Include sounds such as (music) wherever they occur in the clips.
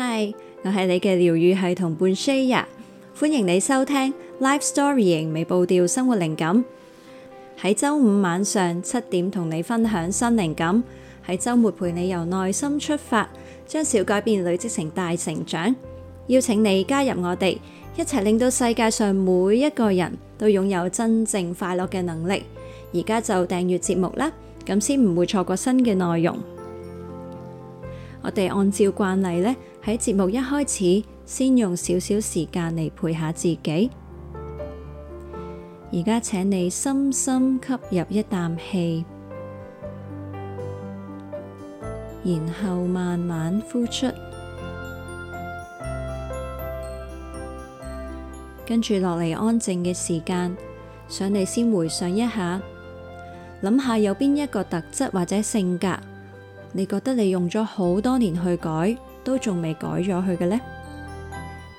嗨，我係你嘅療癒系同伴 Shaya，歡迎你收聽 Life Storying 微步調生活靈感。喺周五晚上七點同你分享新靈感，喺周末陪你由內心出發，將小改變累積成大成長。邀請你加入我哋一齊令到世界上每一個人都擁有真正快樂嘅能力。而家就訂閱節目啦，咁先唔會錯過新嘅內容。我哋按照慣例呢。喺節目一開始，先用少少時間嚟陪下自己。而家請你深深吸入一啖氣，然後慢慢呼出，跟住落嚟安靜嘅時間，想你先回想一下，諗下有邊一個特質或者性格，你覺得你用咗好多年去改。都仲未改咗佢嘅呢？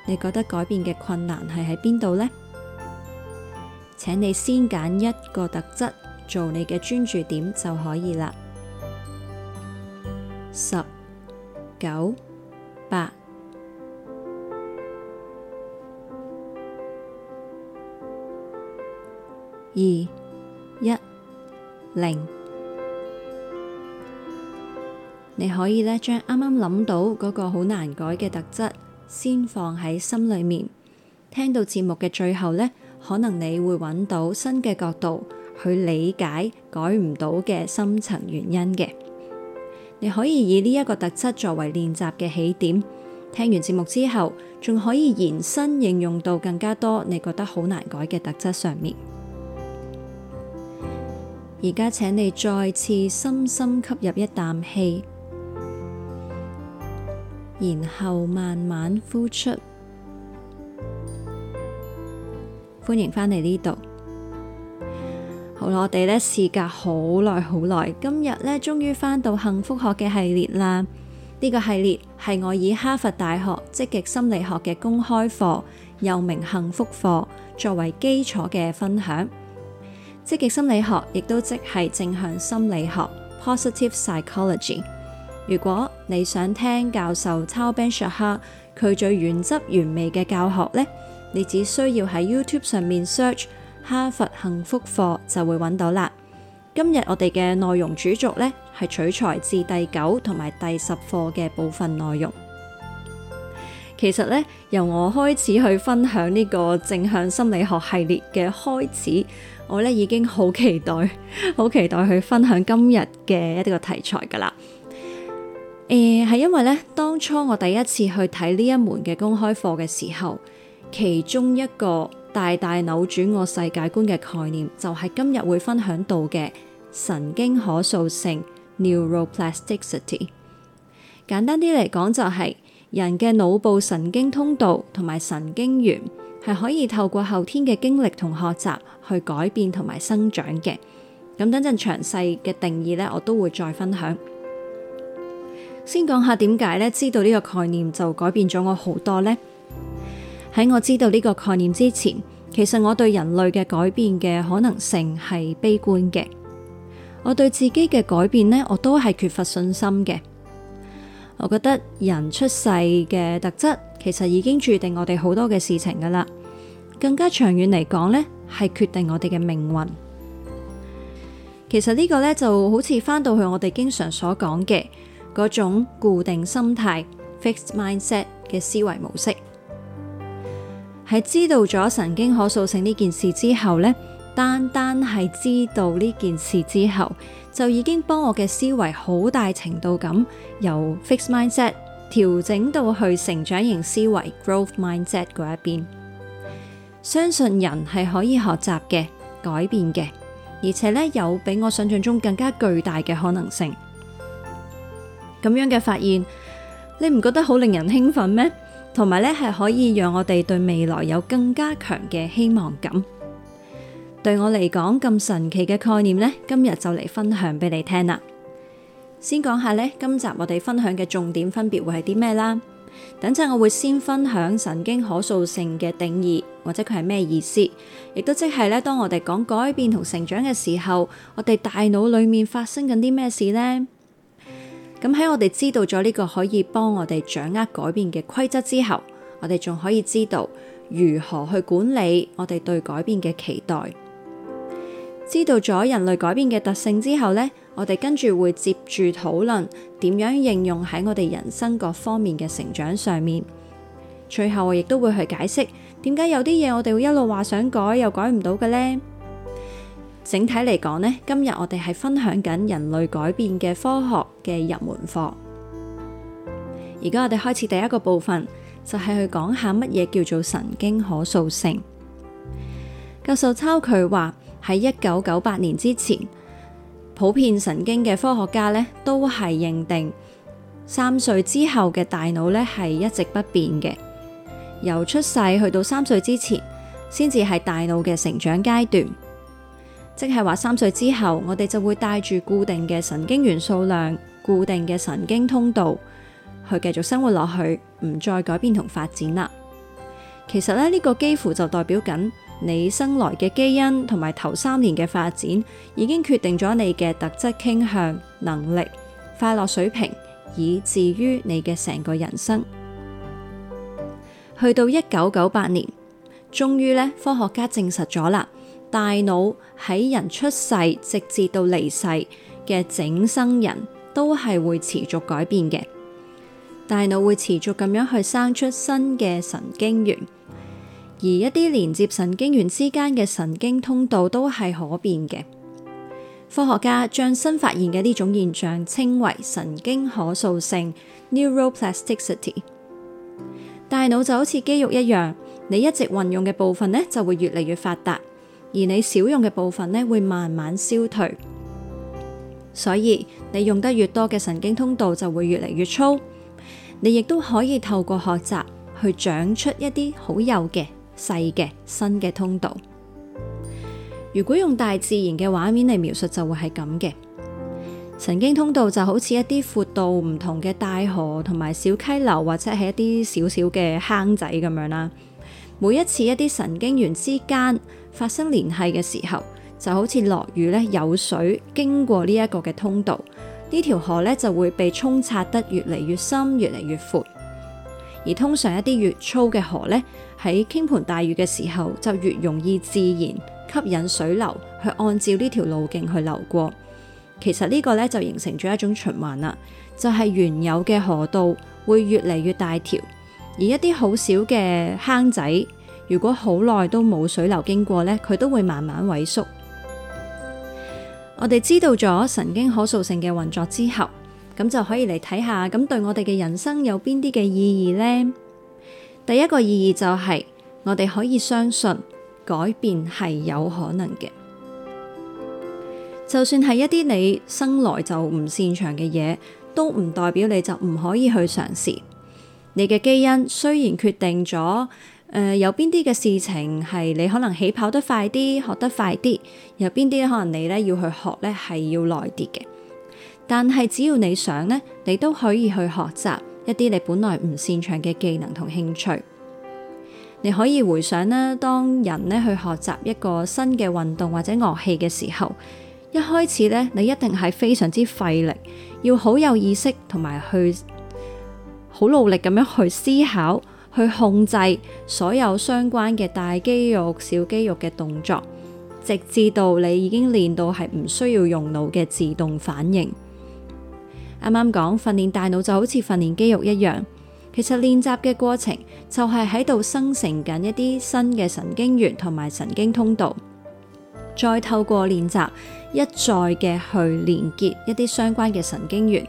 你覺得改變嘅困難係喺邊度呢？請你先揀一個特質，做你嘅專注點就可以啦。十、九、八、二、一、零。你可以咧將啱啱諗到嗰個好難改嘅特質，先放喺心裏面。聽到節目嘅最後呢，可能你會揾到新嘅角度去理解改唔到嘅深層原因嘅。你可以以呢一個特質作為練習嘅起點。聽完節目之後，仲可以延伸應用到更加多你覺得好難改嘅特質上面。而家請你再次深深吸入一啖氣。然後慢慢呼出，歡迎返嚟呢度。好啦，我哋呢事隔好耐好耐，今日呢，終於返到幸福學嘅系列啦。呢、呢個系列係我以哈佛大學積極心理學嘅公開課，又名幸福課，作為基礎嘅分享。積極心理學亦都即係正向心理學 （positive psychology）。如果你想聽教授抄 Ben Shahar 佢最原汁原味嘅教學呢，你只需要喺 YouTube 上面 search 哈佛幸福課就會揾到啦。今日我哋嘅內容主軸呢係取材自第九同埋第十課嘅部分內容。其實咧，由我開始去分享呢個正向心理學系列嘅開始，我呢已經好期待，好期待去分享今日嘅一個題材㗎喇。誒，係、嗯、因為咧，當初我第一次去睇呢一門嘅公開課嘅時候，其中一個大大扭轉我世界觀嘅概念，就係、是、今日會分享到嘅神經可塑性 （neuroplasticity）。簡單啲嚟講，就係人嘅腦部神經通道同埋神經元係可以透過後天嘅經歷同學習去改變同埋生長嘅。咁等陣詳細嘅定義咧，我都會再分享。先講下點解咧，知道呢個概念就改變咗我好多呢。喺我知道呢個概念之前，其實我對人類嘅改變嘅可能性係悲觀嘅。我對自己嘅改變呢，我都係缺乏信心嘅。我覺得人出世嘅特質其實已經注定我哋好多嘅事情噶啦，更加長遠嚟講呢，係決定我哋嘅命運。其實呢個呢，就好似返到去我哋經常所講嘅。嗰種固定心態 （fixed mindset） 嘅思維模式，喺知道咗神經可塑性呢件事之後呢，單單係知道呢件事之後，就已經幫我嘅思維好大程度咁由 fixed mindset 調整到去成長型思維 （growth mindset） 嗰一邊。相信人係可以學習嘅、改變嘅，而且呢，有比我想象中更加巨大嘅可能性。咁樣嘅發現，你唔覺得好令人興奮咩？同埋呢係可以讓我哋對未來有更加強嘅希望感。對我嚟講，咁神奇嘅概念呢，今日就嚟分享俾你聽啦。先講下呢，今集我哋分享嘅重點分別會係啲咩啦？等陣我會先分享神經可塑性嘅定義，或者佢係咩意思，亦都即係呢，當我哋講改變同成長嘅時候，我哋大腦裏面發生緊啲咩事呢？咁喺我哋知道咗呢個可以幫我哋掌握改變嘅規則之後，我哋仲可以知道如何去管理我哋對改變嘅期待。知道咗人類改變嘅特性之後咧，我哋跟住會接住討論點樣應用喺我哋人生各方面嘅成長上面。最後我，亦都會去解釋點解有啲嘢我哋會一路話想改又改唔到嘅咧。整體嚟講呢，今日我哋係分享緊人類改變嘅科學嘅入門課。而家我哋開始第一個部分，就係去講下乜嘢叫做神經可塑性。教授抄佢話喺一九九八年之前，普遍神經嘅科學家呢都係認定三歲之後嘅大腦呢係一直不變嘅，由出世去到三歲之前，先至係大腦嘅成長階段。即係話三歲之後，我哋就會帶住固定嘅神經元數量、固定嘅神經通道去繼續生活落去，唔再改變同發展啦。其實咧呢個幾乎就代表緊你生來嘅基因同埋頭三年嘅發展，已經決定咗你嘅特質傾向、能力、快樂水平，以至於你嘅成個人生。去到一九九八年，終於咧科學家證實咗啦。大腦喺人出世直至到離世嘅整生人都係會持續改變嘅。大腦會持續咁樣去生出新嘅神經元，而一啲連接神經元之間嘅神經通道都係可變嘅。科學家將新發現嘅呢種現象稱為神經可塑性 （neuroplasticity）。大腦就好似肌肉一樣，你一直運用嘅部分呢就會越嚟越發達。而你少用嘅部分呢，會慢慢消退，所以你用得越多嘅神經通道就會越嚟越粗。你亦都可以透過學習去長出一啲好幼嘅細嘅新嘅通道。如果用大自然嘅畫面嚟描述，就會係咁嘅。神經通道就好似一啲闊度唔同嘅大河同埋小溪流，或者係一啲小小嘅坑仔咁樣啦。每一次一啲神經元之間發生聯繫嘅時候，就好似落雨呢，有水經過呢一個嘅通道，呢條河呢，就會被沖刷得越嚟越深、越嚟越闊。而通常一啲越粗嘅河呢，喺傾盆大雨嘅時候就越容易自然吸引水流去按照呢條路徑去流過。其實呢個呢，就形成咗一種循環啦，就係原有嘅河道會越嚟越大條，而一啲好小嘅坑仔。如果好耐都冇水流經過呢，佢都會慢慢萎縮。我哋知道咗神經可塑性嘅運作之後，咁就可以嚟睇下，咁對我哋嘅人生有邊啲嘅意義呢？第一個意義就係，我哋可以相信改變係有可能嘅，就算係一啲你生來就唔擅長嘅嘢，都唔代表你就唔可以去嘗試。你嘅基因雖然決定咗。誒、呃，有邊啲嘅事情係你可能起跑得快啲，學得快啲；有邊啲可能你呢要去學呢係要耐啲嘅。但係只要你想呢，你都可以去學習一啲你本來唔擅長嘅技能同興趣。你可以回想呢，當人呢去學習一個新嘅運動或者樂器嘅時候，一開始呢，你一定係非常之費力，要好有意識同埋去好努力咁樣去思考。去控制所有相關嘅大肌肉、小肌肉嘅動作，直至到你已經練到係唔需要用腦嘅自動反應。啱啱講，訓練大腦就好似訓練肌肉一樣，其實練習嘅過程就係喺度生成緊一啲新嘅神經元同埋神經通道，再透過練習，一再嘅去連結一啲相關嘅神經元，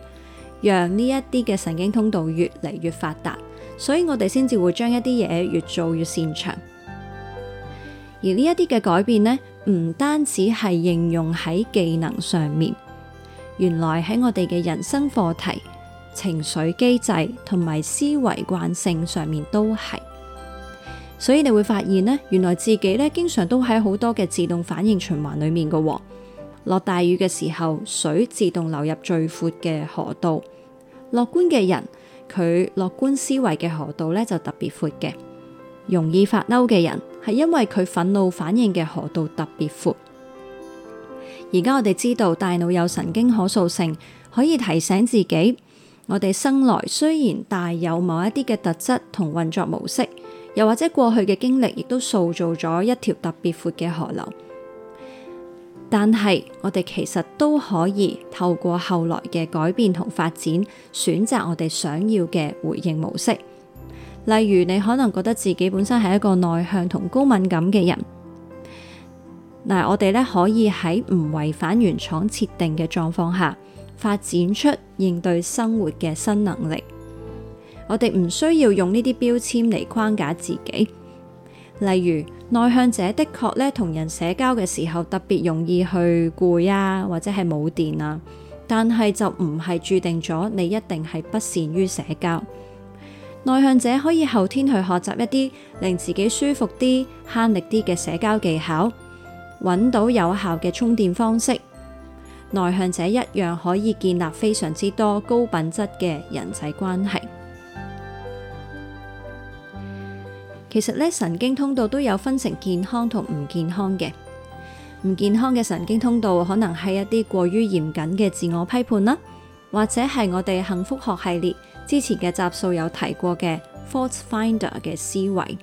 讓呢一啲嘅神經通道越嚟越發達。所以我哋先至會將一啲嘢越做越擅長，而呢一啲嘅改變呢，唔單止係應用喺技能上面，原來喺我哋嘅人生課題、情緒機制同埋思維慣性上面都係。所以你會發現呢，原來自己呢，經常都喺好多嘅自動反應循環裏面㗎喎。落大雨嘅時候，水自動流入最闊嘅河道，樂觀嘅人，佢樂觀思維嘅河道咧就特別闊嘅，容易發嬲嘅人係因為佢憤怒反應嘅河道特別闊。而家我哋知道，大腦有神經可塑性，可以提醒自己。我哋生來雖然帶有某一啲嘅特質同運作模式，又或者過去嘅經歷，亦都塑造咗一條特別闊嘅河流。但係，我哋其實都可以透過後來嘅改變同發展，選擇我哋想要嘅回應模式。例如，你可能覺得自己本身係一個內向同高敏感嘅人，嗱，我哋咧可以喺唔違反原廠設定嘅狀況下，發展出應對生活嘅新能力。我哋唔需要用呢啲標籤嚟框架自己。例如，內向者的確咧，同人社交嘅時候特別容易去攰啊，或者係冇電啊，但係就唔係注定咗你一定係不善於社交。內向者可以後天去學習一啲令自己舒服啲、慳力啲嘅社交技巧，揾到有效嘅充電方式。內向者一樣可以建立非常之多高品質嘅人際關係。其實咧，神經通道都有分成健康同唔健康嘅。唔健康嘅神經通道可能係一啲過於嚴謹嘅自我批判啦，或者係我哋幸福學系列之前嘅集數有提過嘅 fault finder 嘅思維。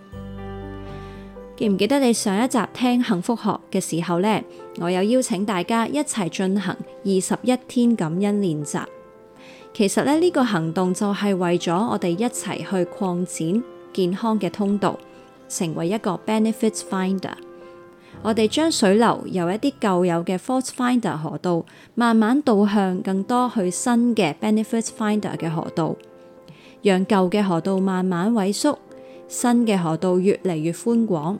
記唔記得你上一集聽幸福學嘅時候呢？我有邀請大家一齊進行二十一天感恩練習。其實咧，呢個行動就係為咗我哋一齊去擴展。健康嘅通道，成為一個 benefits finder。我哋將水流由一啲舊有嘅 force finder 河道，慢慢導向更多去新嘅 benefits finder 嘅河道，讓舊嘅河道慢慢萎縮，新嘅河道越嚟越寬廣。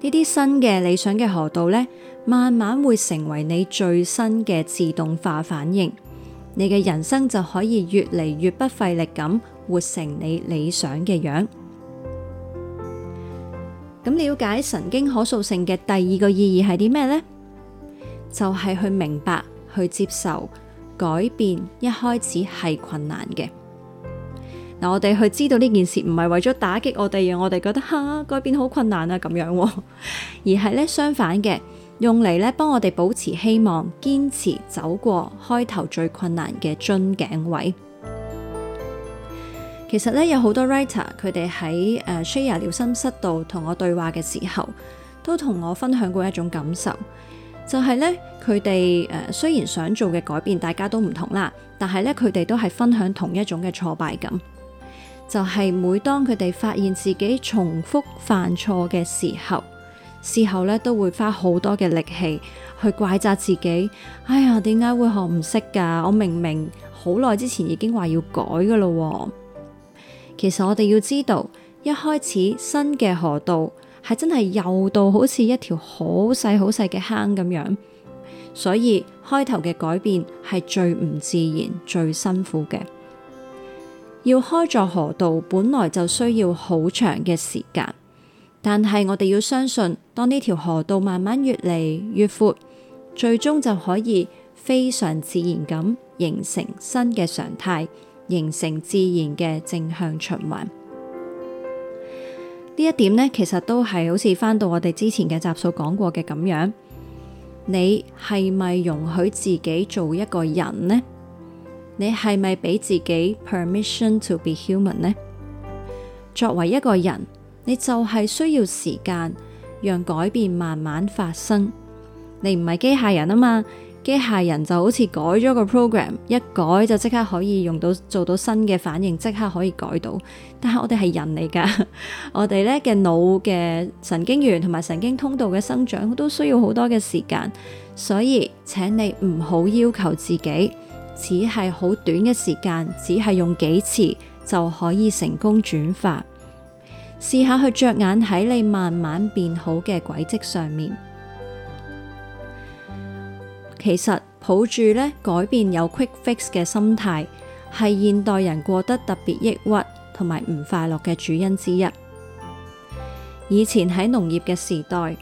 呢啲新嘅理想嘅河道呢，慢慢會成為你最新嘅自動化反應，你嘅人生就可以越嚟越不費力咁活成你理想嘅樣，咁了解神經可塑性嘅第二個意義係啲咩呢？就係、是、去明白、去接受改變，一開始係困難嘅。嗱，我哋去知道呢件事唔係為咗打擊我哋，讓我哋覺得哈、啊，改變好困難啊咁樣啊， (laughs) 而係咧相反嘅，用嚟咧幫我哋保持希望、堅持走過開頭最困難嘅樽頸位。其實咧，有好多 writer 佢哋喺 share 療心室度同我對話嘅時候，都同我分享過一種感受，就係呢：佢哋誒雖然想做嘅改變大家都唔同啦，但係呢，佢哋都係分享同一種嘅挫敗感，就係每當佢哋發現自己重複犯錯嘅時候，事後咧都會花好多嘅力氣去怪責自己。哎呀，點解會學唔識㗎？我明明好耐之前已經話要改㗎啦。其實我哋要知道，一開始新嘅河道係真係幼到好似一條好細好細嘅坑咁樣，所以開頭嘅改變係最唔自然、最辛苦嘅。要開鑿河道本來就需要好長嘅時間，但係我哋要相信，當呢條河道慢慢越嚟越闊，最終就可以非常自然咁形成新嘅常態。形成自然嘅正向循環，呢一點呢，其實都係好似翻到我哋之前嘅集數講過嘅咁樣。你係咪容許自己做一個人呢？你係咪俾自己 permission to be human 呢？作為一個人，你就係需要時間讓改變慢慢發生。你唔係機械人啊嘛。機械人就好似改咗個 program，一改就即刻可以用到做到新嘅反應，即刻可以改到。但係我哋係人嚟㗎，我哋呢嘅腦嘅神經元同埋神經通道嘅生長都需要好多嘅時間，所以請你唔好要，要求自己，只係好短嘅時間，只係用幾次就可以成功轉化。試下去着眼喺你慢慢變好嘅軌跡上面。其實抱住呢改變有 quick fix 嘅心態，係現代人過得特別抑鬱同埋唔快樂嘅主因之一。以前喺農業嘅時代，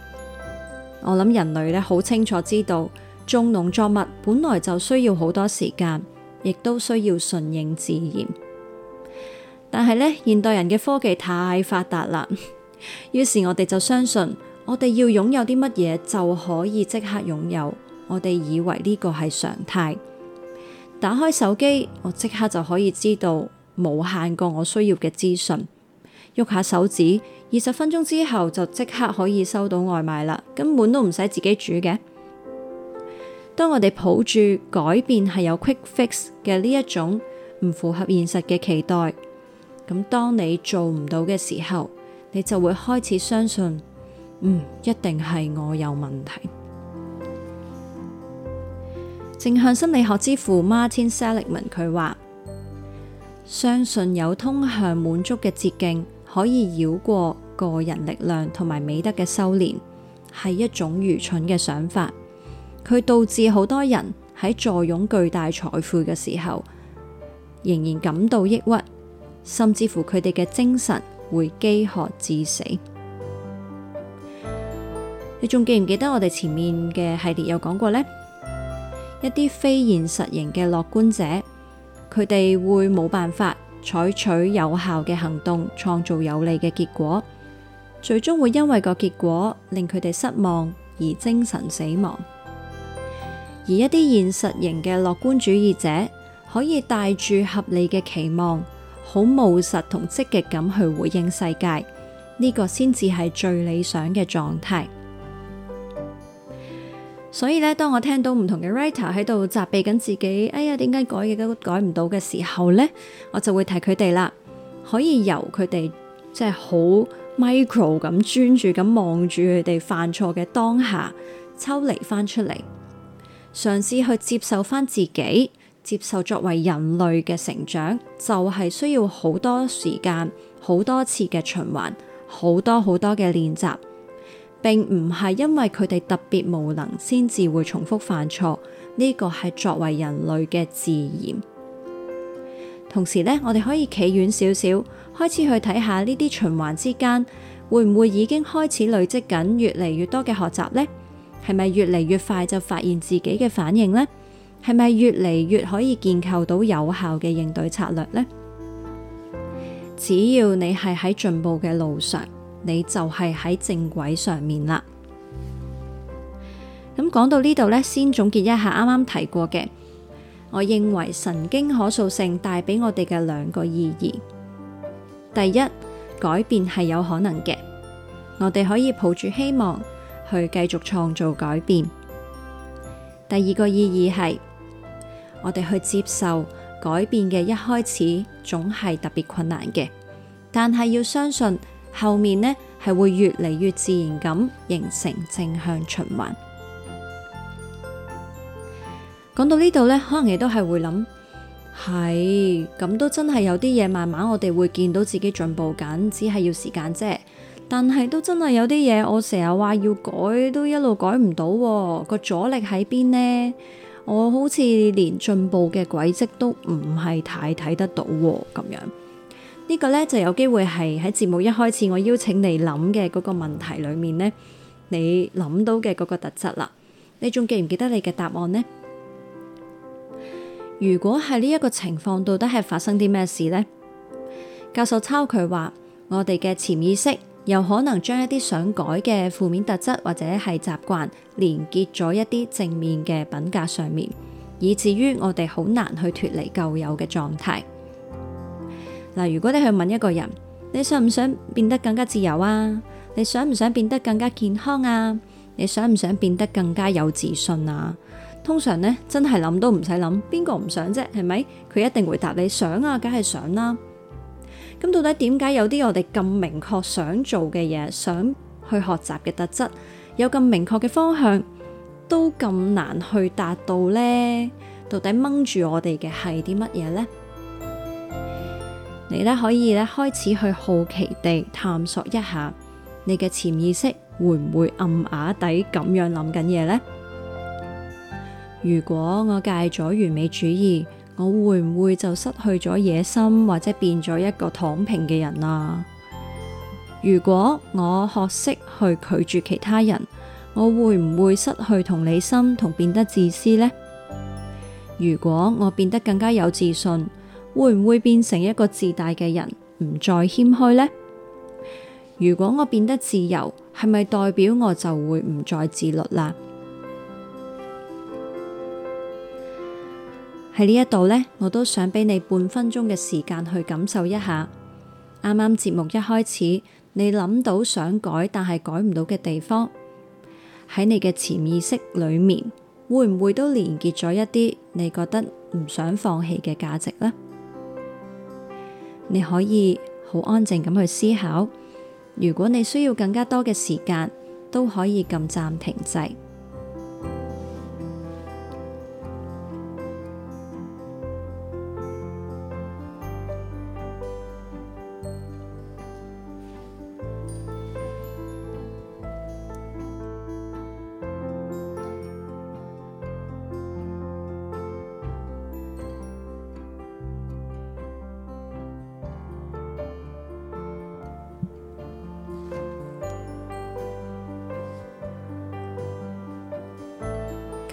我諗人類呢好清楚知道種農作物本來就需要好多時間，亦都需要順應自然。但係呢，現代人嘅科技太發達啦，於是我哋就相信我哋要擁有啲乜嘢就可以即刻擁有。我哋以為呢個係常態，打開手機，我即刻就可以知道無限個我需要嘅資訊，喐下手指，二十分鐘之後就即刻可以收到外賣啦，根本都唔使自己煮嘅。當我哋抱住改變係有 quick fix 嘅呢一種唔符合現實嘅期待，咁當你做唔到嘅時候，你就會開始相信，嗯，一定係我有問題。正向心理學之父 Martin Seligman 佢話：相信有通向滿足嘅捷徑，可以繞過個人力量同埋美德嘅修煉，係一種愚蠢嘅想法。佢導致好多人喺坐擁巨大財富嘅時候，仍然感到抑鬱，甚至乎佢哋嘅精神會飢渴致死。你仲記唔記得我哋前面嘅系列有講過呢？一啲非現實型嘅樂觀者，佢哋會冇辦法採取有效嘅行動，創造有利嘅結果，最終會因為個結果令佢哋失望而精神死亡。而一啲現實型嘅樂觀主義者，可以帶住合理嘅期望，好務實同積極咁去回應世界，呢個先至係最理想嘅狀態。所以咧，當我聽到唔同嘅 writer 喺度責備緊自己，哎呀，點解改嘅都改唔到嘅時候咧，我就會提佢哋啦，可以由佢哋即係好 micro 咁專注咁望住佢哋犯錯嘅當下，抽離翻出嚟，嘗試去接受翻自己，接受作為人類嘅成長，就係需要好多時間、好多次嘅循環、好多好多嘅練習。並唔係因為佢哋特別無能，先至會重複犯錯。呢個係作為人類嘅自然。同時呢，我哋可以企遠少少，開始去睇下呢啲循環之間，會唔會已經開始累積緊越嚟越多嘅學習呢？係咪越嚟越快就發現自己嘅反應呢？係咪越嚟越可以建構到有效嘅應對策略呢？只要你係喺進步嘅路上。你就係喺正軌上面啦。咁講到呢度，呢先總結一下啱啱提過嘅，我認為神經可塑性帶俾我哋嘅兩個意義。第一，改變係有可能嘅，我哋可以抱住希望去繼續創造改變。第二個意義係我哋去接受改變嘅一開始總係特別困難嘅，但係要相信。後面呢係會越嚟越自然咁形成正向循環。講到呢度呢，可能亦都係會諗，係咁都真係有啲嘢慢慢我哋會見到自己進步緊，只係要時間啫。但係都真係有啲嘢，我成日話要改，都一路改唔到，啊，個阻力喺邊呢？我好似連進步嘅軌跡都唔係太睇得到咁、啊、樣。呢個呢，就有機會係喺節目一開始我邀請你諗嘅嗰個問題裏面呢，你諗到嘅嗰個特質啦。你仲記唔記得你嘅答案呢？如果係呢一個情況，到底係發生啲咩事呢？教授抄佢話，我哋嘅潛意識有可能將一啲想改嘅負面特質或者係習慣連結咗一啲正面嘅品格上面，以至於我哋好難去脫離舊有嘅狀態。嗱，如果你去問一個人，你想唔想變得更加自由啊？你想唔想變得更加健康啊？你想唔想變得更加有自信啊？通常呢，真係諗都唔使諗，邊個唔想啫？係咪？佢一定會答你想啊，梗係想啦，啊。咁到底點解有啲我哋咁明確想做嘅嘢，想去學習嘅特質，有咁明確嘅方向，都咁難去達到呢？到底掹住我哋嘅係啲乜嘢呢？你咧可以咧開始去好奇地探索一下，你嘅潛意識會唔會暗啞底咁樣諗緊嘢呢？如果我戒咗完美主義，我會唔會就失去咗野心或者變咗一個躺平嘅人啊？如果我學識去拒絕其他人，我會唔會失去同理心同變得自私呢？如果我變得更加有自信？會唔會變成一個自大嘅人，唔再謙虛呢？如果我變得自由，係咪代表我就會唔再自律啦？喺呢一度呢，我都想俾你半分鐘嘅時間去感受一下。啱啱節目一開始，你諗到想改但係改唔到嘅地方，喺你嘅潛意識裏面，會唔會都連結咗一啲你覺得唔想放棄嘅價值呢？你可以好安靜咁去思考。如果你需要更加多嘅時間，都可以撳暫停掣。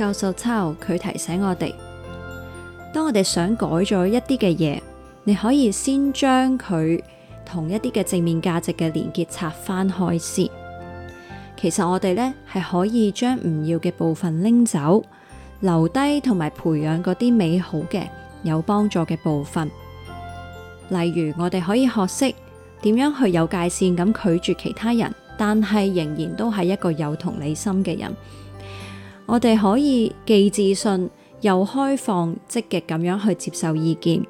教授抄佢提醒我哋，當我哋想改咗一啲嘅嘢，你可以先將佢同一啲嘅正面價值嘅連結拆翻開先。其實我哋咧係可以將唔要嘅部分拎走，留低同埋培養嗰啲美好嘅、有幫助嘅部分。例如，我哋可以學識點樣去有界線咁拒絕其他人，但係仍然都係一個有同理心嘅人。我哋可以既自信又開放，積極咁樣去接受意見，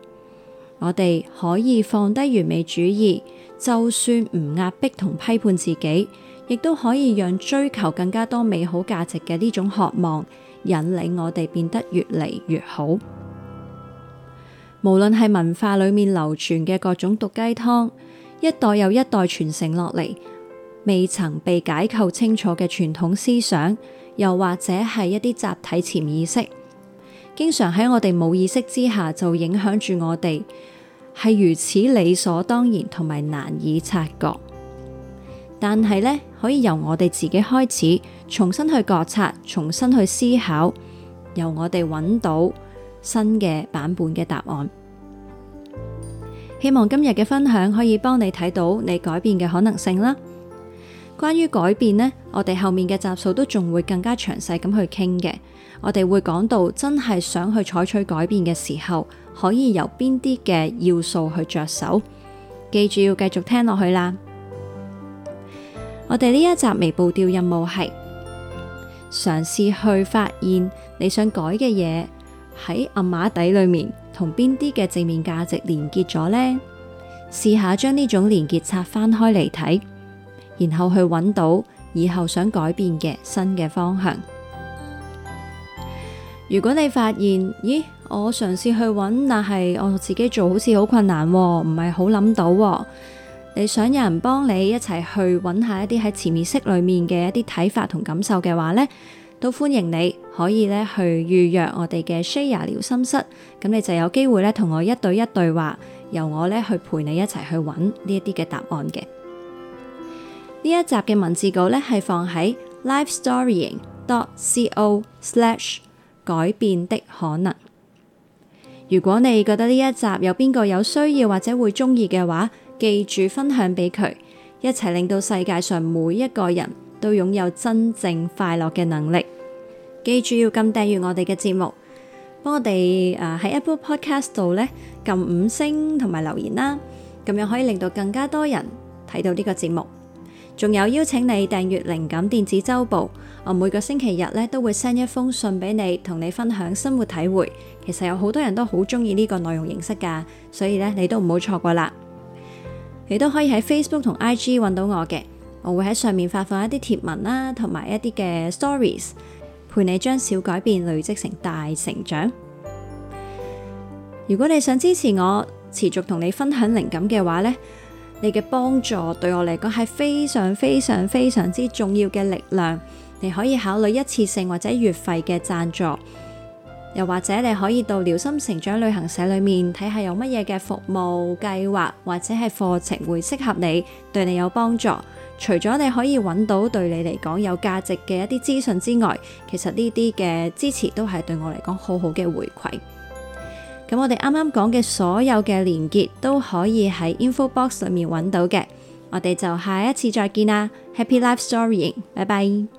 我哋可以放低完美主義，就算唔壓迫同批判自己，亦都可以讓追求更加多美好價值嘅呢種渴望引領我哋變得越嚟越好。無論係文化裏面流傳嘅各種毒雞湯，一代又一代傳承落嚟，未曾被解構清楚嘅傳統思想。又或者係一啲集體潛意識，經常喺我哋冇意識之下就影響住我哋，係如此理所當然同埋難以察覺。但係咧，可以由我哋自己開始，重新去覺察，重新去思考，由我哋揾到新嘅版本嘅答案。希望今日嘅分享可以幫你睇到你改變嘅可能性啦。關於改變呢，我哋後面嘅集數都仲會更加詳細咁去傾嘅。我哋會講到真係想去採取改變嘅時候，可以由邊啲嘅要素去着手。記住要繼續聽落去啦。我哋呢一集微步調任務係嘗試去發現你想改嘅嘢，喺暗碼底裏面同邊啲嘅正面價值連結咗呢？試下將呢種連結拆翻開嚟睇。然後去揾到以後想改變嘅新嘅方向。如果你發現，咦，我嘗試去揾，但係我自己做好似好困難喎，唔係好諗到喎。你想有人幫你一齊去揾下一啲喺潛意識裏面嘅一啲睇法同感受嘅話呢，都歡迎你可以咧去預約我哋嘅 Share 療心室，咁你就有機會咧同我一對一對話，由我咧去陪你一齊去揾呢一啲嘅答案嘅。呢一集嘅文字稿咧係放喺 LifeStorying.co/ 改變的可能。如果你覺得呢一集有邊個有需要或者會中意嘅話，記住分享俾佢，一齊令到世界上每一個人都擁有真正快樂嘅能力。記住要撳訂閱我哋嘅節目，幫我哋喺 Apple Podcast 度咧撳五星同埋留言啦，咁樣可以令到更加多人睇到呢個節目。仲有邀請你訂閱靈感電子週報，我每個星期日呢都會 send 一封信俾你，同你分享生活體會。其實有好多人都好中意呢個內容形式噶，所以呢，你都唔好錯過啦。你都可以喺 Facebook 同 IG 揾到我嘅，我會喺上面發放一啲貼文啦，同埋一啲嘅 stories，陪你將小改變累積成大成長。如果你想支持我持續同你分享靈感嘅話呢。你嘅幫助對我嚟講係非常非常非常之重要嘅力量，你可以考慮一次性或者月費嘅贊助，又或者你可以到療心成長旅行社裏面睇下有乜嘢嘅服務計劃或者係課程會適合你，對你有幫助。除咗你可以揾到對你嚟講有價值嘅一啲資訊之外，其實呢啲嘅支持都係對我嚟講好好嘅回饋。咁我哋啱啱講嘅所有嘅連結都可以喺 info box 裏面揾到嘅，我哋就下一次再見啦，Happy Life Storying, 拜拜。